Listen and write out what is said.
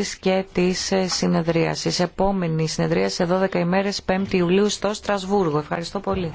συνεδρίασης και της ε, συνεδρίασης. Επόμενη συνεδρίαση σε 12 ημέρες 5 Ιουλίου στο Στρασβούργο. Ευχαριστώ πολύ.